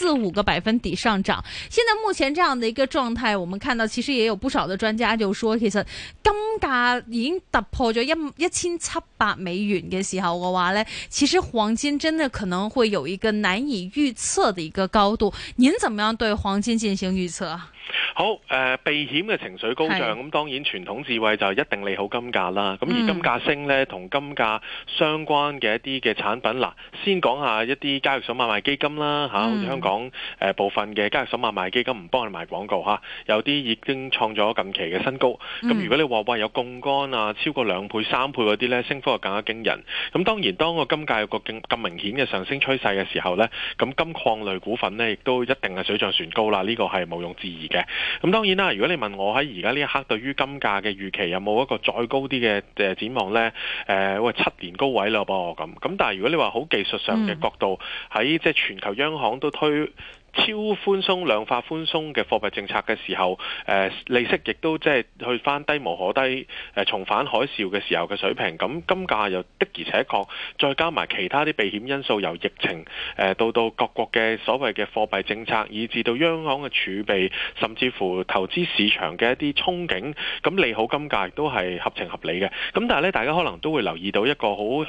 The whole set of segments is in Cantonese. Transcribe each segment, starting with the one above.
四五個百分比上漲，現在目前這樣的一個狀態，我們看到其實也有不少的專家就說，其實金價已經突破咗一一千七百美元嘅時候嘅話呢，其實黃金真的可能會有一個難以預測的一個高度。您怎麼樣對黃金進行預測啊？好誒、呃，避險嘅情緒高漲，咁是當然傳統智慧就一定利好金價啦。咁、嗯、而金價升呢，同金價相關嘅一啲嘅產品，嗱，先講下一啲交易所買賣基金啦，吓、嗯，好似香港誒、呃、部分嘅交易所買賣基金唔幫你賣廣告吓，有啲已經創咗近期嘅新高。咁、嗯、如果你話喂有槓桿啊，超過兩倍、三倍嗰啲呢，升幅就更加驚人。咁當然，當個金價有個咁明顯嘅上升趨勢嘅時候呢，咁金礦類股份呢，亦都一定係水漲船高啦。呢、呢個係毋庸置疑。嘅，咁當然啦。如果你問我喺而家呢一刻對於金價嘅預期有冇一個再高啲嘅展望呢？誒、呃、喂，七年高位嘞噃咁。咁但係如果你話好技術上嘅角度，喺即係全球央行都推超寬鬆量化寬鬆嘅貨幣政策嘅時候，誒利息亦都即係去翻低無可低，誒重返海嘯嘅時候嘅水平。咁金價又的而且確再加埋其他啲避險因素，由疫情誒到到各國嘅所謂嘅貨幣政策，以至到央行嘅儲備甚至乎投資市場嘅一啲憧憬，咁利好金價亦都係合情合理嘅。咁但係咧，大家可能都會留意到一個好誒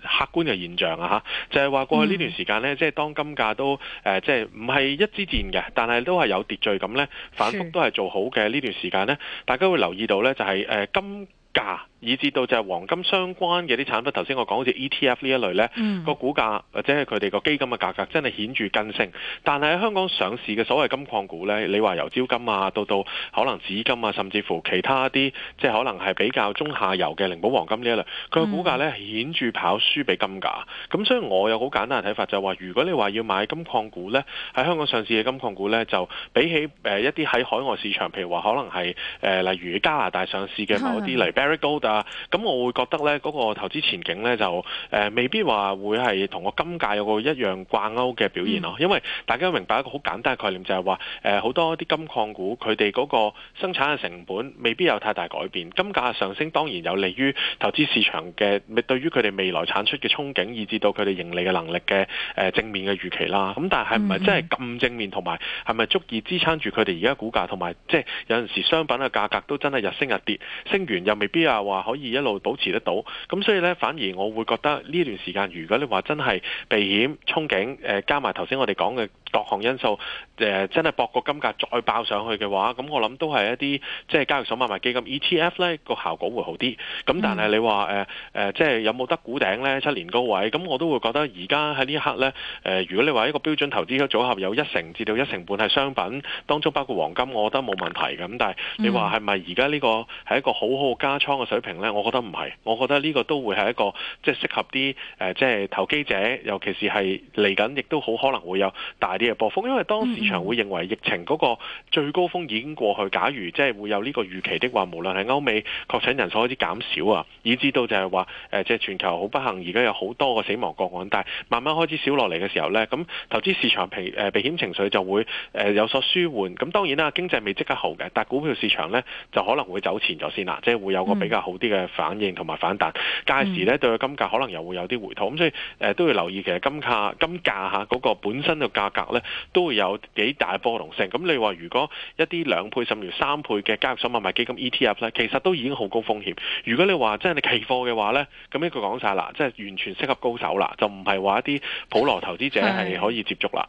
客觀嘅現象啊，吓，就係、是、話過去呢段時間咧、嗯，即係當金價都誒即係唔係。係一支箭嘅，但係都係有秩序咁咧，反覆都係做好嘅呢是段時間咧，大家會留意到咧，就是，就係誒金價。以至到就係黃金相關嘅啲產品，頭先我講好似 ETF 呢一類呢、嗯、個股價或者係佢哋個基金嘅價格，真係顯著跟升。但係喺香港上市嘅所謂金礦股呢，你話由招金啊，到到可能紫金啊，甚至乎其他啲即係可能係比較中下游嘅靈寶黃金呢一類，佢嘅股價呢、嗯、顯著跑輸畀金價。咁所以我有好簡單嘅睇法、就係，就係話如果你話要買金礦股呢，喺香港上市嘅金礦股呢，就比起一啲喺海外市場，譬如話可能係、呃、例如加拿大上市嘅某啲嚟 Barrick Gold 咁、嗯、我會覺得咧，嗰、那個投資前景咧就誒、呃、未必話會係同個金價有個一樣掛鈎嘅表現咯。嗯、因為大家明白一個好簡單嘅概念就，就係話誒好多啲金礦股佢哋嗰個生產嘅成本未必有太大改變，金價上升當然有利於投資市場嘅，對對於佢哋未來產出嘅憧憬，以至到佢哋盈利嘅能力嘅誒、呃、正面嘅預期啦。咁、嗯嗯嗯嗯、但係唔係真係咁正面，同埋係咪足以支撐住佢哋而家股價同埋即係有陣時商品嘅價格都真係日升日跌，升完又未必話。可以一路保持得到，咁所以呢，反而我會覺得呢段時間如果你話真係避險憧憬，呃、加埋頭先我哋講嘅各項因素，呃、真係搏個金價再爆上去嘅話，咁我諗都係一啲即係交易所買賣基金 E T F 呢、呢個效果會好啲。咁但係你話誒誒即係有冇得估頂呢七年高位？咁我都會覺得而家喺呢一刻呢誒、呃、如果你話一個標準投資組合有一成至到一成半係商品，當中包括黃金，我覺得冇問題，咁。但係你話係咪而家呢個係一個好好加倉嘅水平？我覺得唔係，我覺得呢個都會係一個即係、即係、適合啲誒，即、呃、係、即係、投機者，尤其是係嚟緊，亦都好可能會有大啲嘅波幅，因為當市場會認為疫情嗰個最高峰已經過去，假如即係會有呢個預期的話，無論係歐美確診人數開始減少啊，以至到就係話誒，即、呃、係全球好不幸，而家有好多個死亡個案，但係慢慢開始少落嚟嘅時候呢，咁投資市場避，避險情緒就會誒有所舒緩。咁當然啦，經濟未即刻好嘅，但股票市場呢，就可能會走前咗先啦，即係會有一個比較好。好啲嘅反應同埋反彈，屆時咧對佢金價可能又會有啲回吐，咁所以誒都要留意其實金價金價嗰個本身嘅價格咧都會有幾大波動性。咁、嗯、你話如果一啲兩倍甚至三倍嘅交易所買賣基金 ETF 咧，其實都已經好高風險。如果你話即係你期貨嘅話咧，咁呢句講晒啦，即係完全適合高手啦，就唔係話一啲普羅投資者係可以接觸啦。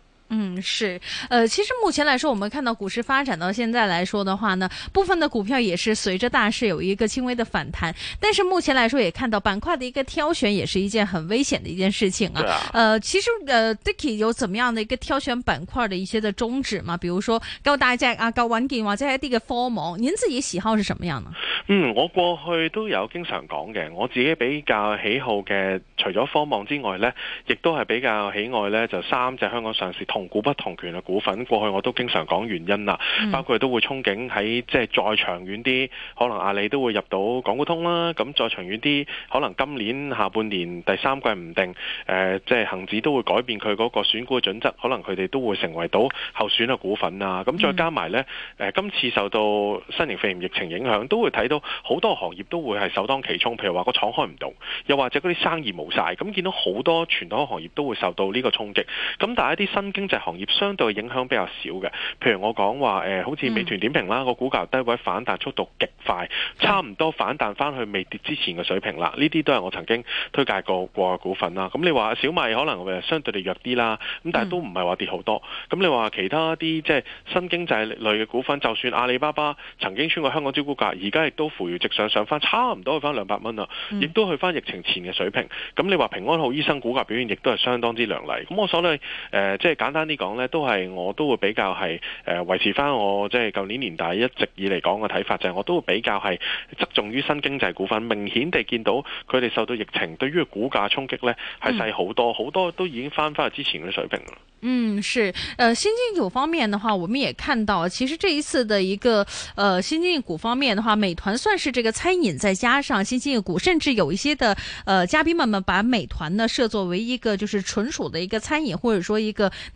嗯，是，呃，其實目前來說，我們看到股市發展到現在來說的話呢，部分的股票也是隨着大市有一個輕微的反彈，但是目前來說也看到板塊的一個挑選也是一件很危險的一件事情啊。啊，呃，其實，呃，Dicky 有怎麼樣的一個挑選板塊的一些的宗旨嗎？比如說夠大隻啊，夠穩健或者一啲嘅科網，您自己喜好是什麼樣呢？嗯，我過去都有經常講嘅，我自己比較喜好嘅，除咗科網之外呢，亦都係比較喜愛呢，就三隻香港上市同，同股不同權嘅股份，過去我都經常講原因啦，嗯、包括都會憧憬喺即係再長遠啲，可能阿里都會入到港股通啦。咁、啊、再長遠啲，可能今年下半年第三季唔定，誒即係恆指都會改變佢嗰個選股嘅準則，可能佢哋都會成為到候選嘅股份啊。咁、嗯、再加埋呢，誒、呃、今次受到新型肺炎疫情影響，都會睇到好多行業都會係首當其衝，譬如話個廠開唔到，又或者嗰啲生意冇晒。咁見到好多傳統行業都會受到呢個衝擊。咁但係一啲新經即係行業相對影響比較少嘅，譬如我講話誒好似美團點評啦，嗯、個股價低位反彈速度極快，嗯、差唔多反彈翻去未跌之前嘅水平啦。呢啲都係我曾經推介過過嘅股份啦。咁你話小米可能誒相對地弱啲啦，咁但係都唔係話跌好多。咁、嗯、你話其他啲即係新經濟類嘅股份，嗯、就算阿里巴巴曾經穿過香港招股價，而家亦都扶搖直上，上，上翻差唔多去翻兩百蚊啊，亦、嗯、都去翻疫情前嘅水平。咁你話平安好醫生股價表現亦都係相當之亮麗，咁我所咧誒即係揀。呃就是簡單啲講呢，都係我都會比較係誒維持翻我即係舊年年底一直以嚟講嘅睇法，就係、是、我都會比較係側重於新經濟股份。明顯地見到佢哋受到疫情對於個股價衝擊呢係細好多，好、嗯、多都已經翻翻去之前嘅水平。嗯，是，誒、呃，新經濟股方面嘅話，我們也看到，其實這一次嘅一個，誒、呃，新經濟股方面嘅話，美團算是這個餐飲，再加上新經濟股，甚至有一些的，誒、呃，嘉賓們把美團呢設作為一個就是純屬的一個餐飲，或者說一個。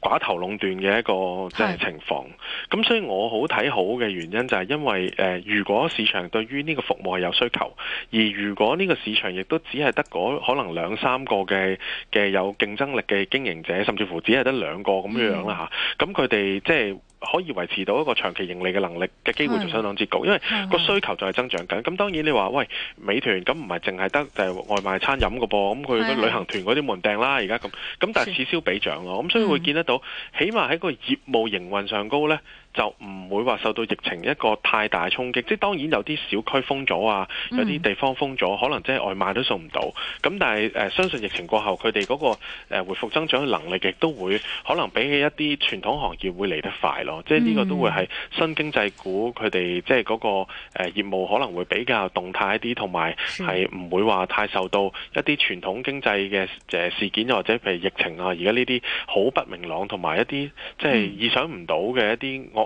寡頭壟斷嘅一個即係情況，咁所以我好睇好嘅原因就係因為誒，如果市場對於呢個服務係有需求，而如果呢個市場亦都只係得嗰可能兩三個嘅嘅有競爭力嘅經營者，甚至乎只係得兩個咁樣啦嚇，咁佢哋即係可以維持到一個長期盈利嘅能力嘅機會就相當之高，因為個需求就係增長緊。咁當然你話喂，美團咁唔係淨係得就係外賣餐飲嘅噃，咁佢個旅行團嗰啲冇人訂啦，而家咁，咁但係此消彼長咯，咁所以會見得。到起碼喺個業務營運上高咧就唔會話受到疫情一個太大衝擊，即係當然有啲小區封咗啊，有啲地方封咗，嗯、可能即係外賣都送唔到。咁但係誒相信疫情過後，佢哋嗰個誒回復增長嘅能力亦都會可能比起一啲傳統行業會嚟得快咯。即係呢個都會係新經濟股，佢哋即係嗰個誒業務可能會比較動態一啲，同埋係唔會話太受到一啲傳統經濟嘅誒事件，又或者譬如疫情啊，而家呢啲好不明朗，同埋一啲即係意想唔到嘅一啲